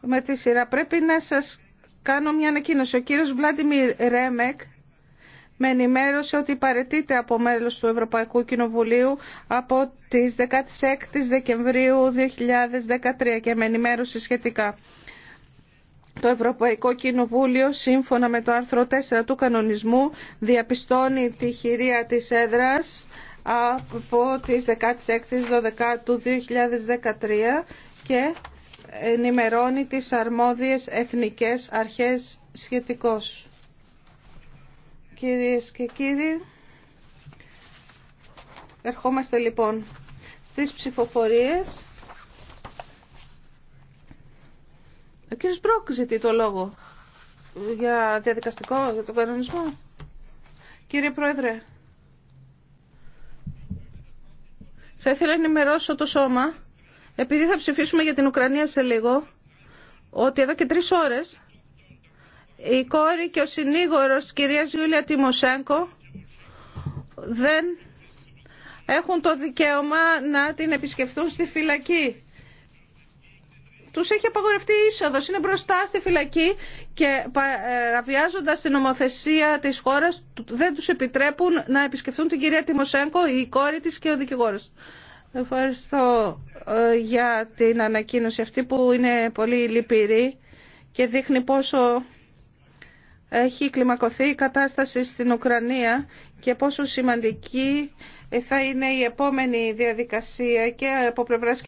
με τη σειρά. Πρέπει να σας κάνω μια ανακοίνωση. Ο κύριος Βλάντιμιρ Ρέμεκ με ενημέρωσε ότι παρετείται από μέλος του Ευρωπαϊκού Κοινοβουλίου από τις 16 Δεκεμβρίου 2013 και με ενημέρωσε σχετικά. Το Ευρωπαϊκό Κοινοβούλιο, σύμφωνα με το άρθρο 4 του κανονισμού, διαπιστώνει τη χειρία της έδρας από τις 16 12 του 2013 και ενημερώνει τις αρμόδιες εθνικές αρχές σχετικώς. Κυρίες και κύριοι, ερχόμαστε λοιπόν στις ψηφοφορίες. Ο κύριος Μπρόκ ζητεί το λόγο για διαδικαστικό, για τον κανονισμό. Κύριε Πρόεδρε, θα ήθελα να ενημερώσω το σώμα επειδή θα ψηφίσουμε για την Ουκρανία σε λίγο, ότι εδώ και τρεις ώρες η κόρη και ο συνήγορος της κυρίας Γιούλια Τιμοσέγκο δεν έχουν το δικαίωμα να την επισκεφθούν στη φυλακή. Τους έχει απαγορευτεί η είσοδος, είναι μπροστά στη φυλακή και παραβιάζοντας την νομοθεσία της χώρας δεν τους επιτρέπουν να επισκεφθούν την κυρία Τιμοσέγκο, η κόρη της και ο δικηγόρος. Ευχαριστώ ε, για την ανακοίνωση αυτή που είναι πολύ λυπηρή και δείχνει πόσο έχει κλιμακωθεί η κατάσταση στην Ουκρανία και πόσο σημαντική θα είναι η επόμενη διαδικασία και από